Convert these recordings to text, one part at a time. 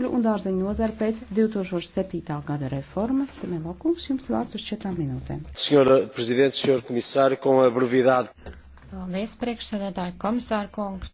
augļu un dārzeņu nozara pēc 2007. gada reformas. Melokums, jums vārds uz četrām minūtēm. Senora prezidents, senor komisāri, ko brevidādi. Paldies, priekšsēdētāji, komisāra kungs.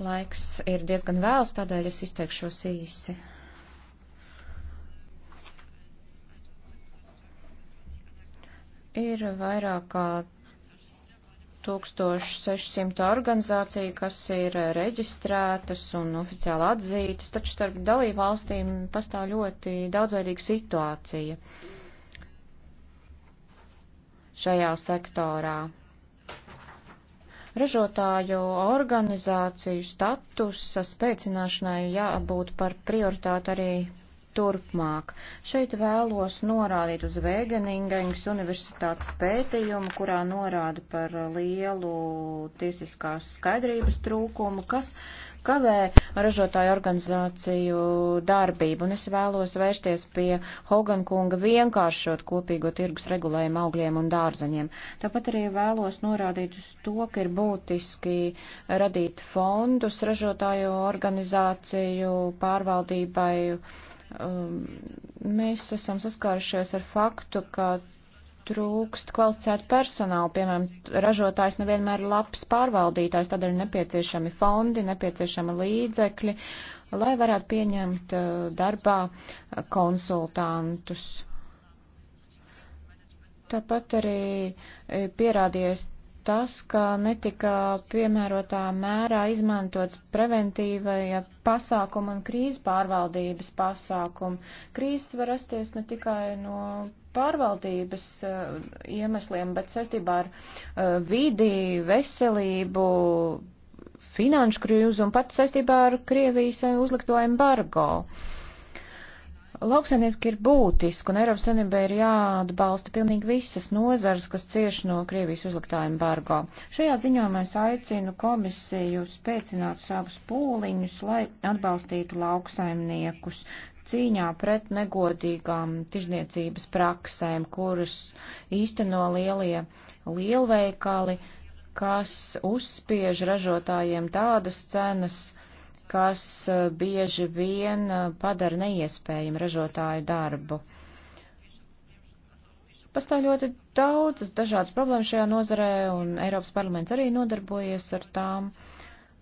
Laiks ir diezgan vēls, tādēļ es izteikšos īsi. Ir vairāk kā 1600 organizāciju, kas ir reģistrētas un oficiāli atzītas, taču starp dalībvalstīm pastāv ļoti daudzveidīga situācija šajā sektorā. Ražotāju organizāciju statusa spēcināšanai jābūt par prioritāti arī turpmāk. Šeit vēlos norādīt uz Vēgeningeņas universitātes pētījumu, kurā norāda par lielu tiesiskās skaidrības trūkumu, kas kavē ražotāju organizāciju darbību. Un es vēlos vērsties pie Hogan kunga vienkāršot kopīgo tirgus regulējumu augļiem un dārzeņiem. Tāpat arī vēlos norādīt uz to, ka ir būtiski radīt fondus ražotāju organizāciju pārvaldībai um, mēs esam saskārušies ar faktu, ka trūkst kvalificētu personālu, piemēram, ražotājs nevienmēr ir labs pārvaldītājs, tad ir nepieciešami fondi, nepieciešami līdzekļi, lai varētu pieņemt uh, darbā uh, konsultantus. Tāpat arī uh, pierādījies tas, ka netika piemērotā mērā izmantots preventīvajā pasākuma un krīzes pārvaldības pasākuma. Krīzes var rasties ne tikai no pārvaldības uh, iemesliem, bet saistībā ar uh, vidi, veselību, finanšu krīzi un pat saistībā ar Krievijas uzlikto embargo. Uh, Lauksaimnieki ir būtiski, un Eiropas Savienībai ir jāatbalsta pilnīgi visas nozares, kas cieš no Krievijas uzliktā embargo. Šajā ziņojumā es aicinu komisiju spēcināt savus pūliņus, lai atbalstītu lauksaimniekus cīņā pret negodīgām tirzniecības praksēm, kuras īsteno lielie lielveikali, kas uzspiež ražotājiem tādas cenas, uh, kas eh, bieži vien eh, padara neiespējumu ražotāju darbu. Pastāv ļoti daudzas dažādas problēmas šajā nozarē, un Eiropas parlaments arī nodarbojies ar tām. Uh,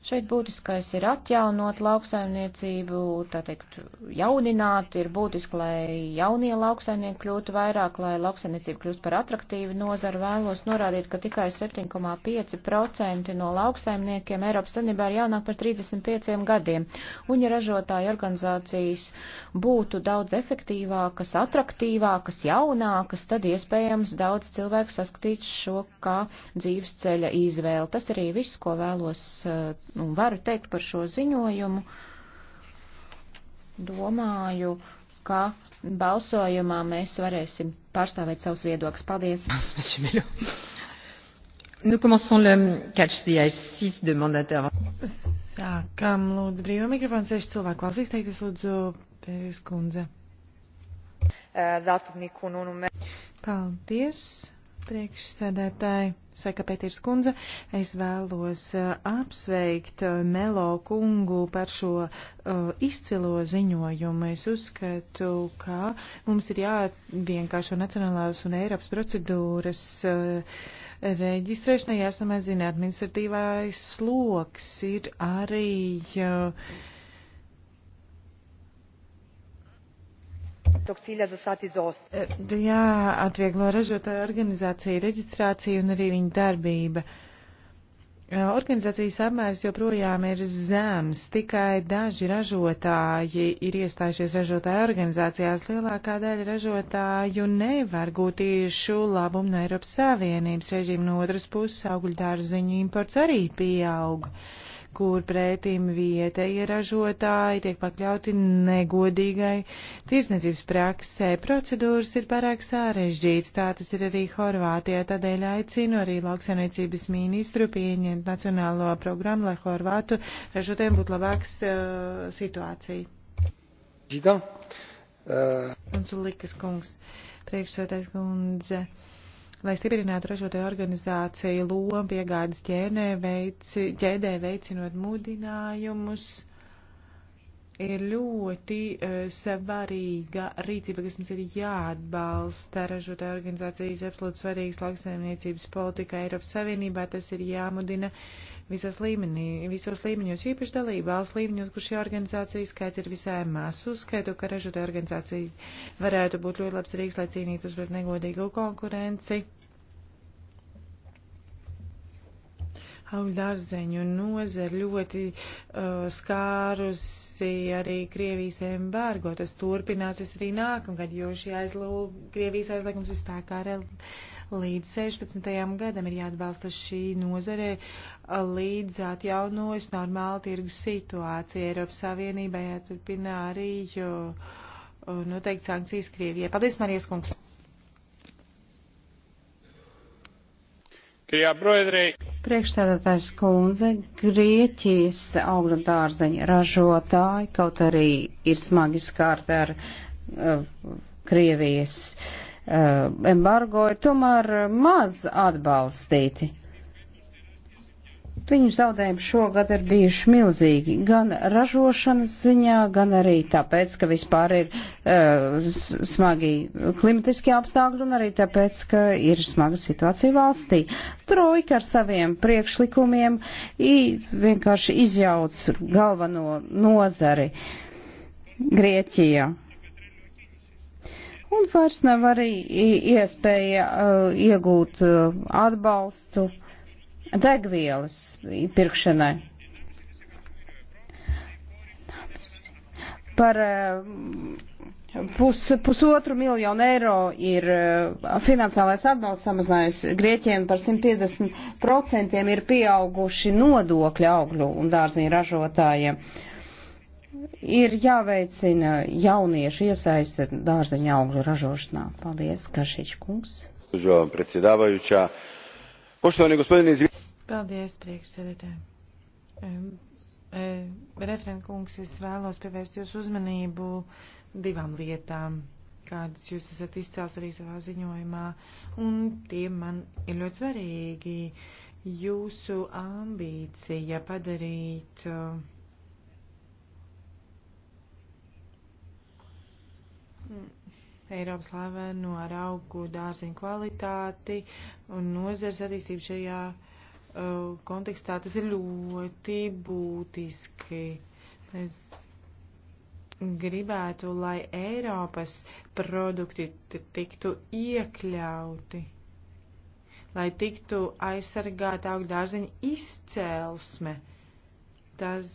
Šeit būtiskais ir atjaunot lauksaimniecību, tā teikt, jaunināt, ir būtiski, lai jaunie lauksaimnieki kļūtu vairāk, lai lauksaimniecība kļūst par atraktīvu nozaru. Vēlos norādīt, ka tikai 7,5% no lauksaimniekiem Eiropas Savienībā ir jaunāk par 35 gadiem, un ja ražotāju organizācijas būtu daudz efektīvākas, atraktīvākas, jaunākas, tad iespējams daudz cilvēku saskatīt šo kā dzīves ceļa izvēli. Tas arī viss, ko vēlos eh, un nu, varu teikt par šo ziņojumu. Domāju, ka balsojumā mēs varēsim pārstāvēt savus viedokļus. Paldies! Nous commençons le catch the eye 6 demande d'intervention. Sākam, lūdzu, brīvo mikrofonu. Seši cilvēki vēl izteikties, lūdzu, Pēris kundze. Eh, zastupniku un un. Paldies! Priekšsēdētāji, saka Pētīrs kundze, es vēlos uh, apsveikt uh, Melo kungu par šo uh, izcilo ziņojumu. Es uzskatu, ka mums ir jāvienkāršo nacionālās un Eiropas procedūras uh, reģistrēšanai, jāsamazina administratīvais sloks, ir arī. Uh, tog cilja za sat izost. E, jā, atvieglo ražotāju organizāciju reģistrāciju un arī viņu darbība. E, organizācijas apmērs joprojām ir zems, tikai daži ražotāji ir iestājušies ražotāju organizācijās. Lielākā daļa ražotāju nevar gūt tiešu labumu no Eiropas Savienības režīma, no otras puses augļu dārziņu imports arī pieaug. Uh, kur pretim vietējie ražotāji tiek pakļauti negodīgai tirsniecības praksē. Procedūras ir pārāk sarežģītas, tā tas ir arī Horvātijā, tādēļ aicinu arī lauksaimniecības ministru pieņemt nacionālo programmu, lai Horvātu ražotēm būtu labāks uh, situācija. Zidam. Uh... Konsulikas kungs, priekšsētais kundze. Uh, lai stiprinātu ražotāju organizāciju lomu piegādes ķēnē, veici, ķēdē veicinot mudinājumus, ir ļoti uh, svarīga rīcība, kas mums ir jāatbalsta. Ražotāju organizācijas absolūti svarīgas lauksaimniecības politika Eiropas Savienībā, tas ir jāmudina visās līmenī, visos līmeņos, īpaši dalību valsts līmeņos, kur šī organizācija skaits ir visai maz. Uzskaitu, ka ražotāju organizācijas varētu būt ļoti labs rīks, lai cīnītos pret negodīgu konkurenci. augļdārzeņu nozara ļoti uh, skārusi arī Krievijas embargo. Tas turpināsies arī nākamgad, jo šī aizlūg, Krievijas aizliegums ir spēkā re, Līdz 16. gadam ir jāatbalsta šī nozare līdz atjaunojas normāla tirgus situācija. Eiropas Savienībai jāturpina arī jo, noteikti sankcijas Krievijai. Paldies, Marijas kungs! Priekšstādātājs kundze, Grieķijas augļudārzeņu ražotāji kaut arī ir smagi skārti ar uh, Krievijas uh, Eh, embargo ir tomēr eh, maz atbalstīti. Viņu zaudējumi šogad ir bijuši milzīgi, gan ražošanas ziņā, gan arī tāpēc, ka vispār ir uh, smagi klimatiskie apstākļi un arī tāpēc, ka ir smaga situācija valstī. Trojka ar saviem priekšlikumiem vienkārši izjauc galveno nozari Grieķijā un vairs nav arī iespēja uh, iegūt uh, atbalstu degvielas pirkšanai. Par uh, pus, pusotru miljonu eiro ir uh, finansiālais atbalsts samazinājis Grieķiem par 150% ir pieauguši nodokļi augļu un dārziņu ražotājiem. Uh, ir jāveicina jauniešu iesaiste dārzeņa augļu ražošanā. Paldies, Kašiņš kungs. Paldies, priekšsēdētāji. E, referent kungs, es vēlos pievērst jūsu uzmanību divām lietām, kādas jūs esat izcēls arī savā ziņojumā, un tie man ir ļoti svarīgi. Jūsu ambīcija padarīt uh, Eiropas slaveno ar augu dārziņu kvalitāti un nozars attīstību šajā uh, kontekstā. Tas ir ļoti būtiski. Es gribētu, lai Eiropas produkti tiktu iekļauti, lai tiktu aizsargāta augdārziņa izcēlsme. Tas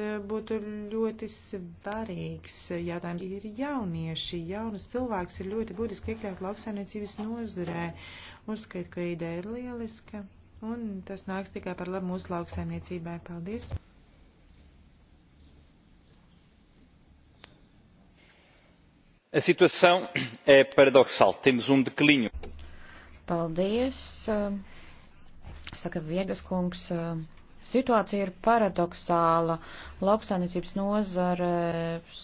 būtu ļoti svarīgs jautājums. Ir jaunieši, jaunas cilvēks ir ļoti būtiski iekļaut lauksainiecības nozarē. Uzskait, ka ideja ir lieliska, un tas nāks tikai par labu mūsu lauksainiecībai. Paldies! A situação é paradoxal. Temos um declínio. Paldies, eh, saka Viegas kungs. Eh, Situācija ir paradoxāla. Lauksainiecības nozare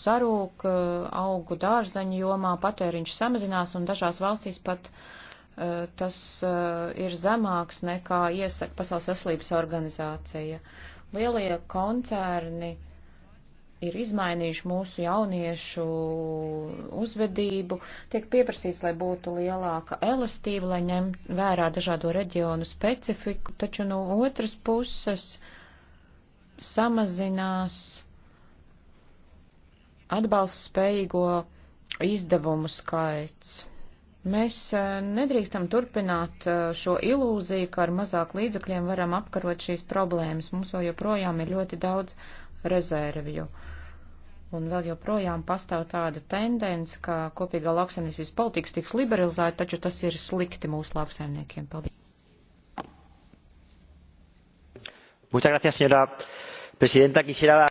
sarūk, augu dārzaņu jomā patēriņš samazinās un dažās valstīs pat uh, tas uh, ir zemāks nekā iesaka Pasaules veselības organizācija. Lielie koncerni uh, ir izmainījuši mūsu jauniešu uzvedību. Tiek pieprasīts, lai būtu lielāka elastība, lai ņem vērā dažādo reģionu specifiku, taču no otras puses samazinās atbalsts spējīgo izdevumu skaits. Mēs eh, nedrīkstam turpināt eh, šo ilūziju, ka ar mazāk līdzekļiem varam apkarot šīs problēmas. Mums vēl joprojām ir ļoti daudz rezervju. Uh, Un vēl joprojām pastāv tāda tendence, ka kopīgā lauksaimniecības politikas tiks liberalizēta, taču tas ir slikti mūsu lauksaimniekiem. Paldies. Muchas gracias, señora presidenta. Quisiera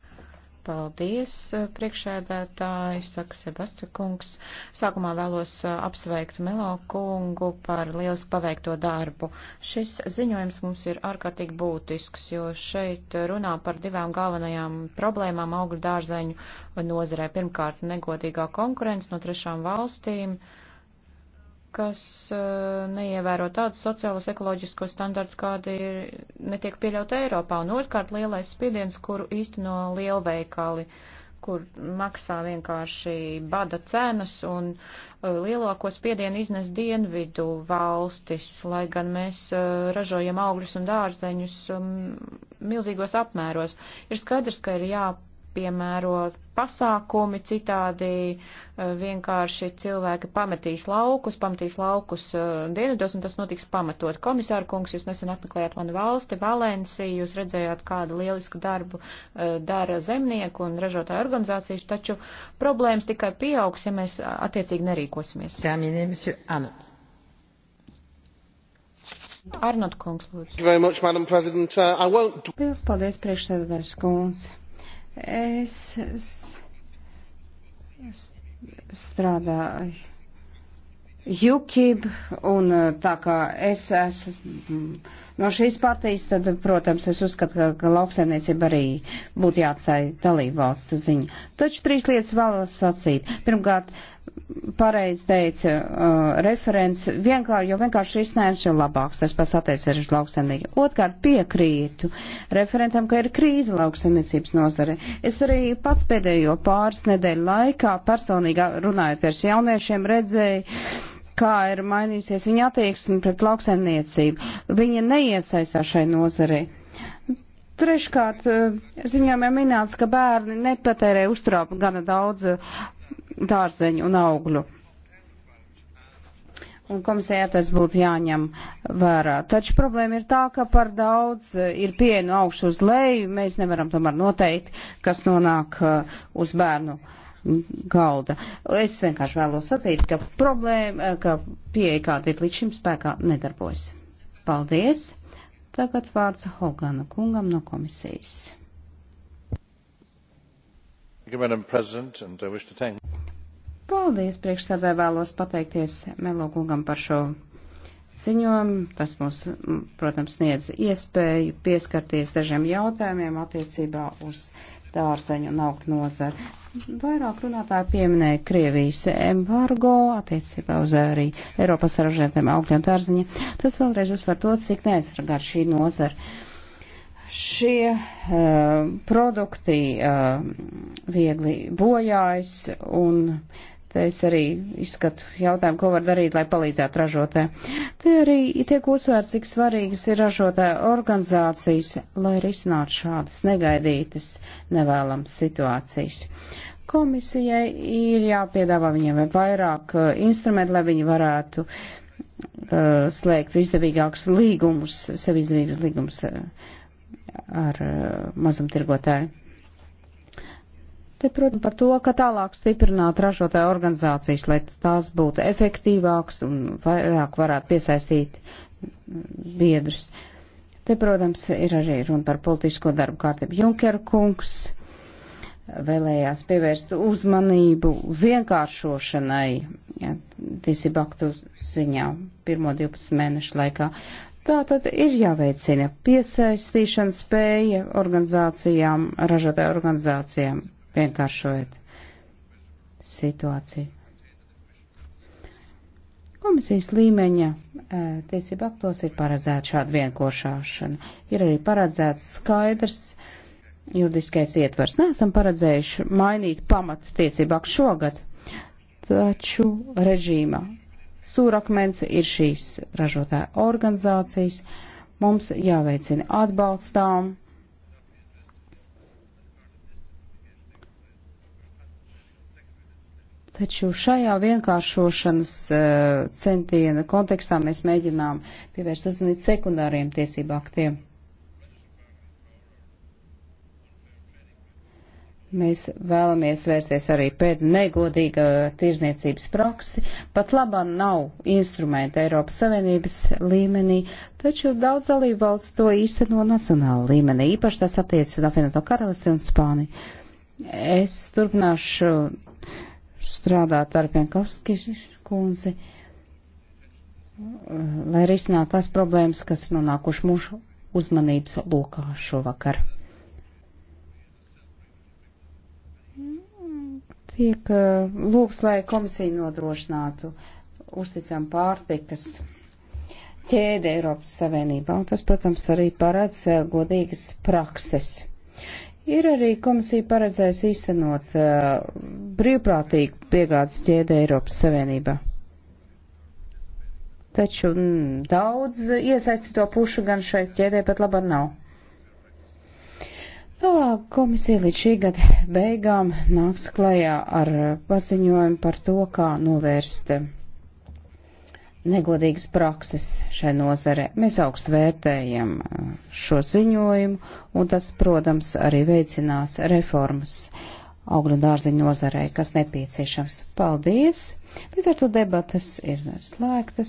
Paldies, eh, priekšēdētāji, saka Sebastikungs. Sākumā vēlos eh, apsveikt Melo kungu par lieliski paveikto darbu. Šis ziņojums mums ir ārkārtīgi būtisks, jo šeit runā par divām galvenajām problēmām augļu dārzeņu nozarē. Pirmkārt, negodīgā konkurence no trešām valstīm. Uh, kas eh, neievēro tādus sociālus ekoloģiskos standarts, kādi ir, netiek pieļauti Eiropā. Un otrkārt lielais spiediens, kuru īsteno lielveikali, kur maksā vienkārši bada cenas un eh, lielāko spiedienu iznes dienvidu valstis, lai gan mēs eh, ražojam augļus un dārzeņus um, milzīgos apmēros. Ir skaidrs, ka ir jāpārāk jāpiemēro pasākumi, citādi eh, vienkārši cilvēki pametīs laukus, pametīs laukus eh, dienvidos, un tas notiks pamatot. Komisāra kungs, jūs nesen apmeklējāt manu valsti, Valensiju, jūs redzējāt, kādu lielisku darbu eh, dara zemnieku un ražotāju organizācijas, taču problēmas tikai pieaugs, ja mēs attiecīgi nerīkosimies. Arnot kungs, lūdzu. Much, President. Uh, I won't... Pils, paldies, priekšsēdētājs kungs. Es strādāju UKIP, un e, tā kā es esmu no šīs partijas, tad, protams, es uzskatu, ka, ka lauksaimniecība arī būtu jāatstāja dalībvalstu ziņa. Taču trīs lietas vēlos sacīt. Pirmkārt, pareizi teica uh, referents, vienkārši, jo vienkārši risinājums ir labāks, tas pats attiec arī uz lauksaimnieku. Otkārt piekrītu referentam, ka ir krīze lauksaimniecības nozare. Es arī pats pēdējo pāris nedēļu laikā personīgi runājot ar jauniešiem redzēju, kā ir mainījusies viņa attieksme pret lauksaimniecību. Viņa neiesaistās šai nozarei. Treškārt, uh, ziņojumā minēts, ka bērni nepatērē uzturā gana daudz uh, dārzeņu un augļu. Un komisijā tas būtu jāņem vērā. Taču problēma ir tā, ka par daudz eh, ir pieeja no augšu uz leju. Mēs nevaram tomēr noteikt, kas nonāk eh, uz bērnu galda. Es vienkārši vēlos sacīt, ka problēma, eh, ka pieeja kāda ir līdz šim spēkā nedarbojas. Paldies! Tagad vārds Hogana kungam no komisijas. Thank you, Madam President, and I wish to thank Paldies, priekšsēdē vēlos pateikties Melokungam par šo ziņojumu. Tas mums, protams, sniedz iespēju pieskarties dažiem jautājumiem attiecībā uz dārzeņu un augt nozari. Vairāk runātāji pieminēja Krievijas embargo attiecībā uz arī Eiropas ražētiem augļu un dārziņu. Tas vēlreiz uzsver to, cik neaizsargāt šī nozara. Šie uh, produkti uh, viegli bojājas un Te es arī izskatu jautājumu, ko var darīt, lai palīdzētu ražotē. Te arī tiek uzsvērts, cik svarīgas ir ražotē organizācijas, lai risinātu šādas negaidītas nevēlamas situācijas. Komisijai ir jāpiedāvā viņiem vairāk uh, instrumentu, lai viņi varētu uh, slēgt izdevīgākus līgumus, sev izdevīgus līgumus uh, ar uh, mazumtirgotāju. Te, protams, par to, ka tālāk stiprināt ražotāju organizācijas, lai tās būtu efektīvākas un vairāk varētu piesaistīt biedrus. Te, protams, ir arī runa par politisko darbu kārtību. Junker kungs vēlējās pievērst uzmanību vienkāršošanai ja, tiesību aktu ziņā pirmo 12 mēnešu laikā. Tā tad ir jāveicina piesaistīšana spēja organizācijām, ražotāju organizācijām vienkāršojot situāciju. Komisijas līmeņa eh, tiesība aktos ir paredzēta šāda vienkošāšana. Ir arī paredzēts skaidrs juridiskais ietvers. Nesam paredzējuši mainīt pamatu tiesību aktu šogad, taču režīma stūrakmens ir šīs ražotāja organizācijas. Mums jāveicina atbalstām Taču šajā vienkāršošanas eh, centiena kontekstā mēs mēģinām pievērst uzmanību sekundāriem tiesību aktiem. Mēs vēlamies vērsties arī pēc negodīga tirzniecības praksi. Pat labā nav instrumenta Eiropas Savienības līmenī, taču daudz dalību valsts to īsteno nacionāla līmenī, īpaši tas attiecas uz apvienoto karalisti un Spāniju. Es turpināšu strādāt ar Pienkovskis kundzi, lai risinātu tās problēmas, kas ir nonākuši mūsu uzmanības lokā šovakar. Tiek lūgts, lai komisija nodrošinātu uzticam pārtikas ķēdi Eiropas Savienībā, un tas, protams, arī paredz godīgas prakses Ir arī komisija paredzējusi īstenot uh, brīvprātīgu piegādes ķēdi Eiropas Savienībā. Taču mm, daudz iesaistīto pušu gan šai ķēdē pat labāk nav. Tālāk komisija līdz šī gada beigām nāks klajā ar paziņojumu par to, kā novērst negodīgas prakses šai nozare. Mēs augst vērtējam uh, šo ziņojumu, un tas, protams, arī veicinās reformas augļu un dārziņu nozarei, kas nepieciešams. Paldies! Līdz ar to debatas ir slēgtas.